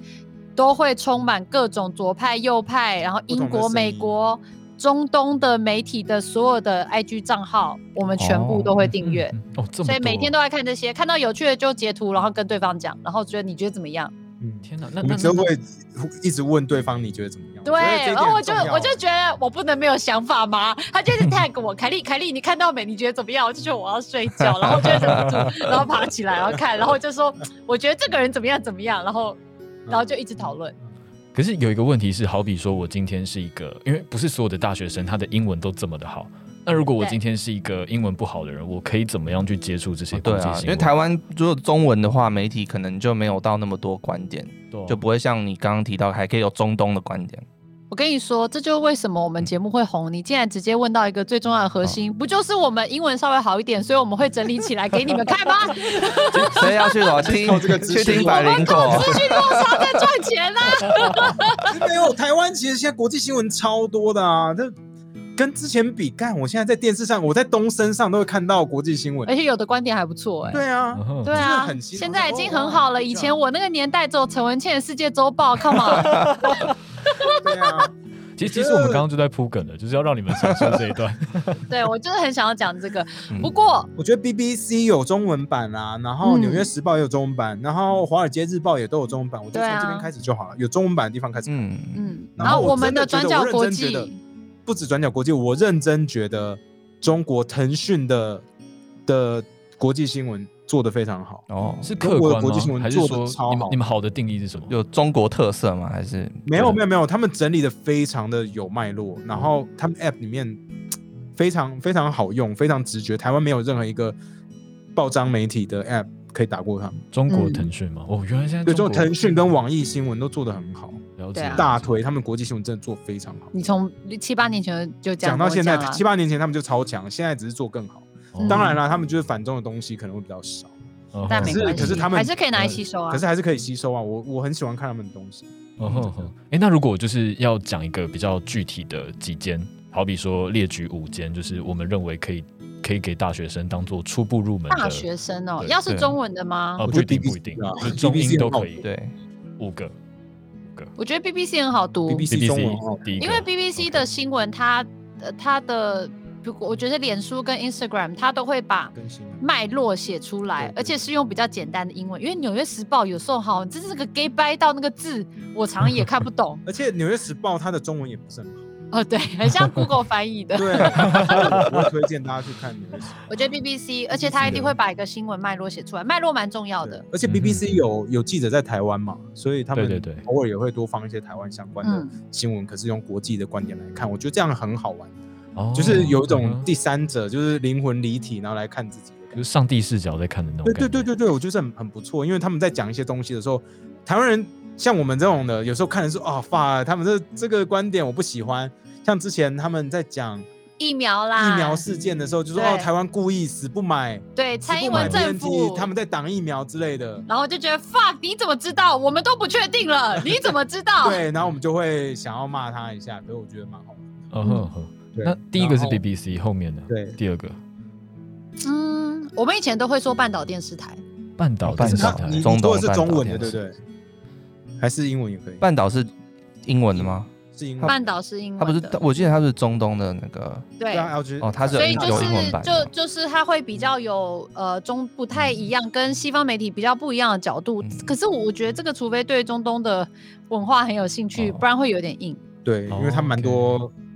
都會充滿各種左派右派，然後英國、美國、中東的媒體的所有的 IG 賬號，我們全部都會訂閱。哦嗯哦、所以每天都在看這些，看到有趣的就截圖，然後跟對方講，然後覺得你覺得怎麼樣？嗯，天哪，那你都會一直問對方你覺得怎麼樣？對，然後我就我就覺得我不能沒有想法嗎？他就是 tag 我， 凱利凱利你看到沒？你覺得怎麼樣？我就覺得我要睡覺，然後就忍不住， 然後爬起來然後看，然後就說我覺得這個人怎麼樣怎麼樣，然後。然後就一直討論。嗯。可是有一個問題是，好比說我今天是一個，因為不是所有的大學生他的英文都這麼的好。那如果我今天是一個英文不好的人，我可以怎麼樣去接觸這些東西？對啊？因為台灣如果中文的話，媒體可能就沒有到那麼多觀點，對啊。就不會像你剛剛提到還可以有中東的觀點。我跟你說，這就是為什麼我們節目會紅。你竟然直接問到一個最重要的核心，哦、不就是我們英文稍微好一點，所以我們會整理起來給你們看嗎？ 就誰要去老聽，聽，聽這個資訊？去聽百靈果我們各個資訊落差在賺錢呢、啊？ 沒有，台灣其實現在國際新聞超多的啊，這跟之前比，幹。我現在在電視上，我在東升上都會看到國際新聞，而且有的觀點還不錯哎、欸。對啊，oh. 對啊，現在已經很好了。哦、以前我那個年代走陳文茜的世界周報看 o 對啊、其實，其實我們剛剛就在鋪梗了， 就是要讓你們想象這一段 對。對我就是很想要講這個， 不過我覺得 BBC 有中文版啦、啊，然後《紐約時報》也有中文版，嗯、然後《華爾街日報》也都有中文版，嗯、我就從這邊開始就好了，有中文版的地方開始。嗯嗯，然後我們的轉角國際，不止轉角國際，我認真覺得中國騰訊的的國際新聞，做得非常好哦，是客觀國際新聞還是說你們，的是做超你，你們好的定義是什麼？有中國特色嗎？還是、就是、沒有沒有沒有，他們整理得非常的有脈絡，然後他們 app 裡面非常非常好用，非常直覺。台灣沒有任何一個報章媒體的 app 可以打過他們。中國騰訊嗎？哦，原來現在對，就騰訊跟網易新聞都做得很好，然後是大推他們國際新聞真的做得非常好。你從七八年前就講、啊、到現在，七八年前他們就超強，現在只是做更好。當然啦、嗯，他們就是反中的東西可能會比較少，但沒關係，可是，可是他們還是可以拿來吸收啊、嗯，可是還是可以吸收啊。我我很喜歡看他們的東西。哎、嗯 oh, oh, oh. 欸，那如果就是要講一個比較具體的幾間，好比說列舉五間，就是我們認為可以可以給大學生當做初步入門。大學生哦、喔，要是中文的嗎？不一定，不一定，中英都可以。 對，五個，個。我覺得 BBC 很好讀，BBC 中文好讀 BBC, 因為 BBC 的新聞它呃它的。如果我覺得臉書跟 Instagram，它都會把脈絡寫出來、啊，而且是用比較簡單的英文。對對對，因為《紐約時報》有時候好，這是這個 gay 掰到那個字，我常常也看不懂。而且《紐約時報》它的中文也不是很好。哦，對，很像 Google 翻譯的。對， 對，我會推薦大家去看《紐約時報》。我覺得 BBC，而且他一定會把一個新聞脈絡寫出來，脈絡蠻重要的。而且 BBC 有、嗯、有記者在台灣嘛，所以他們偶爾也會多放一些台灣相關的新聞。可是用國際的觀點來看、嗯，我覺得這樣很好玩。哦、就是有一種第三者，啊、就是靈魂離體，然後來看自己的，就是上帝視角在看的那種。對對對對，我覺得很很不錯，因為他們在講一些東西的時候，台灣人像我們這種的，有時候看的是哦 fuck，他們這這個觀點我不喜歡。像之前他們在講疫苗啦、疫苗事件的時候，就是、說哦，台灣故意死不買，對，蔡英文政府他們在擋疫苗之類的，然後就覺得 fuck，你怎麼知道？我們都不確定了，你怎麼知道？ 對，然後我們就會想要罵他一下，所以我覺得蠻好的。嗯 oh, oh, oh. 那第一個是 BBC，對，然後，後面的對，第二個，嗯，我們以前都會說半島電視台，哦、半島電視台，是中文的，對，對對，還是英文也可以。半島是英文的嗎？英是英文。半島是英文的，他不是，我記得他是中東的那個對、啊，哦，他是，所以就是就就是他會比較有呃中不太一樣、嗯，跟西方媒體比較不一樣的角度。嗯、可是我覺得這個，除非對中東的文化很有興趣、哦，不然會有點硬。對，因為他蠻多、哦。Okay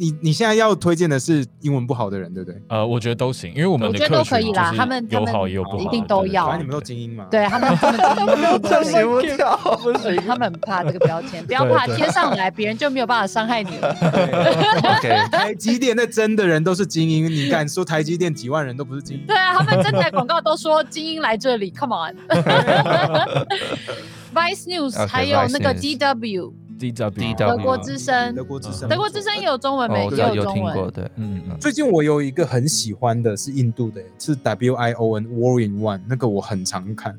你你現在要推薦的是英文不好的人，對不對？呃，我覺得都行，因為我們的我覺得都可以啦。他們有好也有不好，一定都要對對對對對。反正你們都精英嘛。對他們，他們都不行， 不行、 嗯。他們很怕這個標籤，不要怕貼上來，別人就沒有辦法傷害你。對 okay, 台積電的真的人都是精英，你敢說台積電幾萬人都不是精英？ 對啊，他們真的廣告都說精英來這裡，Come on。 Vice News，okay, 還有那個 DW。DW，德國之聲，德國之聲，德國之聲、嗯、也有中文沒？哦、也有中文對，有聽過。對，嗯嗯。最近我有一個很喜歡的是印度的，是 W I O N War in One，那個我很常看。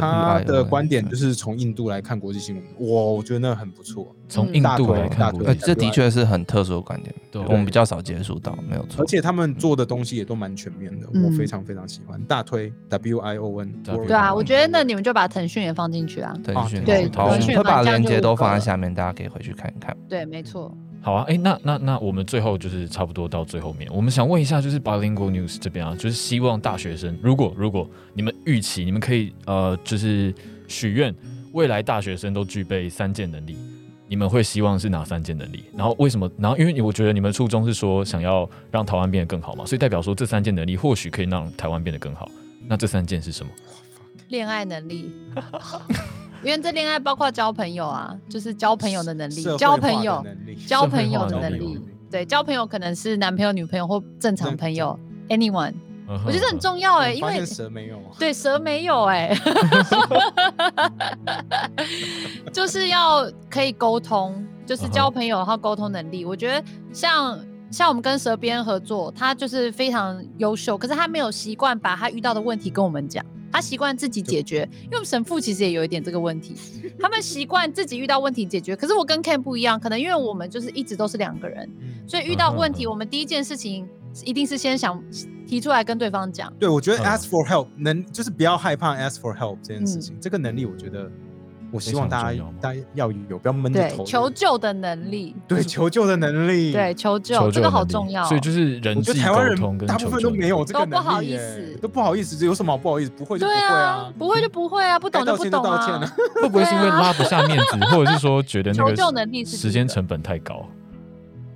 他的觀點就是從印度來看國際新聞，我、嗯、我覺得那很不錯。從印度來看國際、嗯欸，這的確是很特殊的觀點。對我們比較少接觸到，沒有錯。而且他們做的東西也都蠻全面的、嗯，我非常非常喜歡。大推 W I O N、嗯。對啊，我覺得那你們就把騰訊也放進去啊。騰、啊、訊對，騰訊把鏈接都放在下面，大家可以回去看一看。對，沒錯。好啊，哎、欸，那那那我們最後就是差不多到最後面，我們想問一下，就是 Bilingual News 這邊啊，就是希望大學生，如果如果你們預期，你們可以呃，就是許願，未來大學生都具備三件能力，你們會希望是哪三件能力？然後為什麼？然後因為我覺得你們初衷是說想要讓台灣變得更好嘛，所以代表說這三件能力或許可以讓台灣變得更好。那這三件是什麼？戀愛能力。 因為這戀愛包括交朋友啊，就是交朋友的能力，能力交朋友，交朋友的能力的，對，交朋友可能是男朋友、女朋友或正常朋友，anyone，、uh-huh. 我覺得很重要哎、欸，uh-huh. 因為蛇沒有、啊，對，蛇沒有哎、欸， 就是要可以溝通，就是交朋友然後溝通能力，uh-huh. 我覺得像。像我們跟蛇邊合作，他就是非常優秀，可是他沒有習慣把他遇到的問題跟我們講，他習慣自己解決。因為我們神父其實也有一點這個問題， 他們習慣自己遇到問題解決。可是我跟 Ken 不一樣，可能因為我們就是一直都是兩個人，嗯、所以遇到問題、嗯，我們第一件事情一定是先想提出來跟對方講。對，我覺得 ask for help、嗯、能就是不要害怕 ask for help 這件事情，嗯、這個能力我覺得。我希望大家，大家要有不要悶着頭，對，對求救的能力，對求救的能力，對求救、求救，這個好重要。所以就是人，我覺得台灣人，大部分都沒有這個能力，都不好意思，都不好意思，有什麼好不好意思？不會就不會啊，對啊，不會就不會啊，不懂就不懂啊，會不會是因為拉不下面子， 或者是說覺得那個時間成本太高？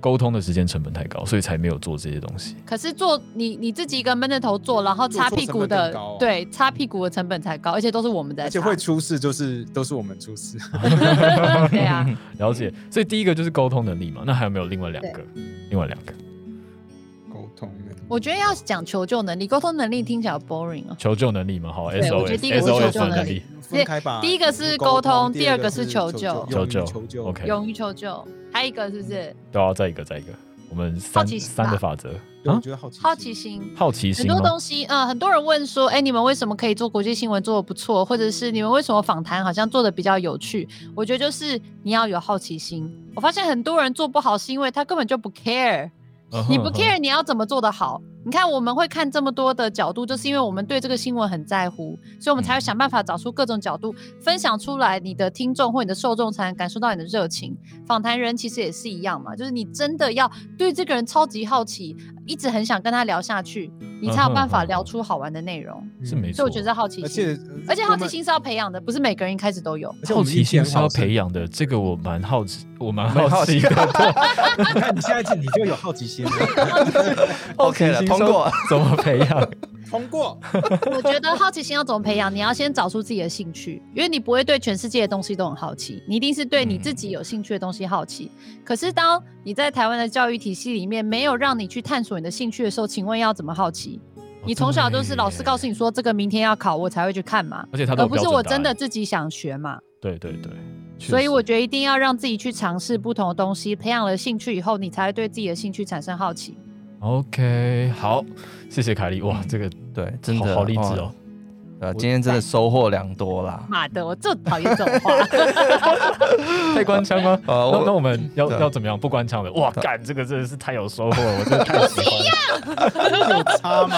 溝通的時間成本太高，所以才沒有做這些東西。可是做你你自己一個悶着頭做，然後擦屁股的，對，擦屁股的成本才高，而且都是我們在做。就會出事，就是都是我們出事。 對啊，了解。所以第一個就是溝通能力嘛，那還有沒有另外兩個？另外兩個溝通我覺得要講求救能力，溝通能力聽起來 boring 啊。求救能力嘛，好。對，SOS, 我覺得第一個求救能力。分開吧。第一個是溝通，第二個是求救。通求救，求救，OK。勇於求救。OK 還有一個是不是？對、啊、再一個再一個，我們三三個法則，對，我覺得好奇、嗯、好奇心，好奇心、哦，很多東西，嗯，很多人問說，哎、欸，你們為什麼可以做國際新聞做的不錯，或者是你們為什麼訪談好像做的比較有趣？我覺得就是你要有好奇心。我發現很多人做不好是因為他根本就不 care，、uh、-huh -huh. 你不 care，你要怎麼做得好？你看，我們會看這麼多的角度，就是因為我們對這個新聞很在乎，所以我們才要想辦法找出各種角度、嗯、分享出來。你的聽眾或你的受眾才能感受到你的熱情。訪談人其實也是一樣嘛，就是你真的要對這個人超級好奇，一直很想跟他聊下去，你才有辦法聊出好玩的內容。嗯、是沒錯，所以我覺得好奇心而，而且好奇心是要培養的，不是每個人一開始都有。好奇心是要培養的，這個我蠻好奇，我蠻好奇的。好奇的 對 你看你現在，你就有好奇心。OK 了。 okay okay 通過怎麼培養？通 從過 我覺得好奇心要怎麼培養？你要先找出自己的興趣，因為你不會對全世界的東西都很好奇，你一定是對你自己有興趣的東西好奇。嗯、可是當你在台灣的教育體系裡面沒有讓你去探索你的興趣的時候，請問要怎麼好奇？哦、你從小就是老師告訴你說這個明天要考，我才會去看嘛，而且他都，而不是我真的自己想學嘛？對對對，對，所以我覺得一定要讓自己去嘗試不同的東西，培養了興趣以後，你才會對自己的興趣產生好奇。OK，好，謝謝 Kylie、嗯。哇，這個對，真的好勵志哦。哦呃、啊、今天真的收穫良多啦！媽的，我就討厭這種話， 太官腔嗎？呃，那我們要，我要怎麼樣？不官腔的，哇，幹這個真的是太有收穫了， 我真的太喜歡。我一樣 有差嗎？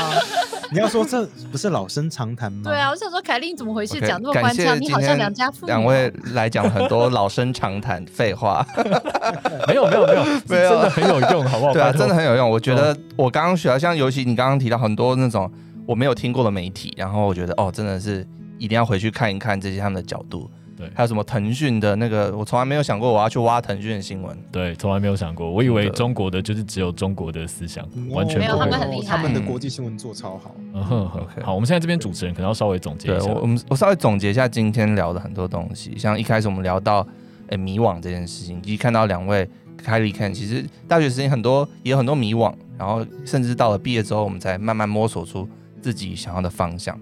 你要說，這不是老生常談嗎？對啊，我想說凱莉你怎麼回事，講那麼官腔，你好像良家婦女。兩位來講很多老生常談廢話。 沒，沒有沒有沒有，沒有真的很有用，好不好？對啊，啊真的很有用。我覺得我剛剛學到， 像尤其你剛剛提到很多那種。我沒有聽過的媒體，然後我覺得哦，真的是一定要回去看一看這些他們的角度。對，還有什麼騰訊的那個，我從來沒有想過我要去挖騰訊的新聞。對，從來沒有想過，我以為中國的就是只有中國的思想，完全，哦，沒有。他們很厲害，他們的國際新聞做超好。嗯哼，uh -huh,，OK, okay.。好，我們現在這邊主持人可能要稍微總結一下。我，我們我稍微總結一下今天聊的很多東西，像一開始我們聊到哎，欸，迷惘這件事情，一看到兩位 Kylie，Ken, 其實大學時間很多也有很多迷惘，然後甚至到了畢業之後，我們才慢慢摸索出，自己想要的方向。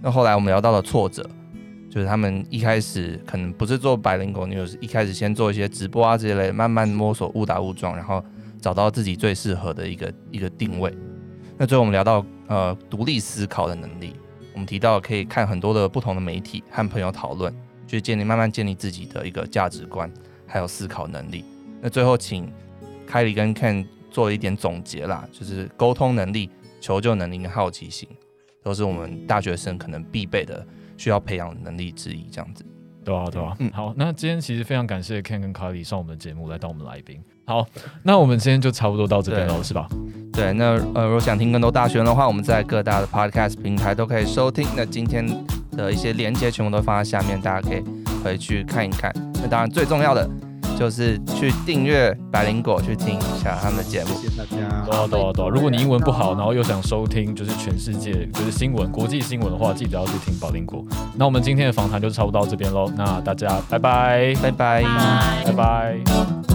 那後來我們聊到了挫折，就是他們一開始可能不是做百靈果 News，就是一開始先做一些直播啊這類，慢慢摸索，誤打誤撞，然後找到自己最適合的一個一個定位。那最後我們聊到呃獨立思考的能力，我們提到可以看很多的不同的媒體和朋友討論，去建立慢慢建立自己的一個價值觀，還有思考能力。那最後請 Kylie 跟 Ken 做一點總結啦，就是溝通能力。求救能力跟好奇心，都是我們大學生可能必備的需要培養的能力之一。這樣子，對啊，對啊，嗯，好。那今天其實非常感謝 Ken 跟 Kylie 上我們的節目，來到我們來賓。好，那我們今天就差不多到這邊了，是吧？對，那呃，如果想聽更多大學的話，我們在各大的 Podcast 平台都可以收聽。那今天的一些連接全部都放在下面，大家可以回去看一看。那當然最重要的。就是去訂閱百靈果，去聽一下他們的節目。謝謝大家。多、啊、多、啊、多、啊！如果你英文不好，然後又想收聽，就是全世界就是新聞、國際新聞的話，記得要去聽百靈果。那我們今天的訪談就差不多到這邊嘍。那大家拜拜，拜拜，拜拜。拜拜。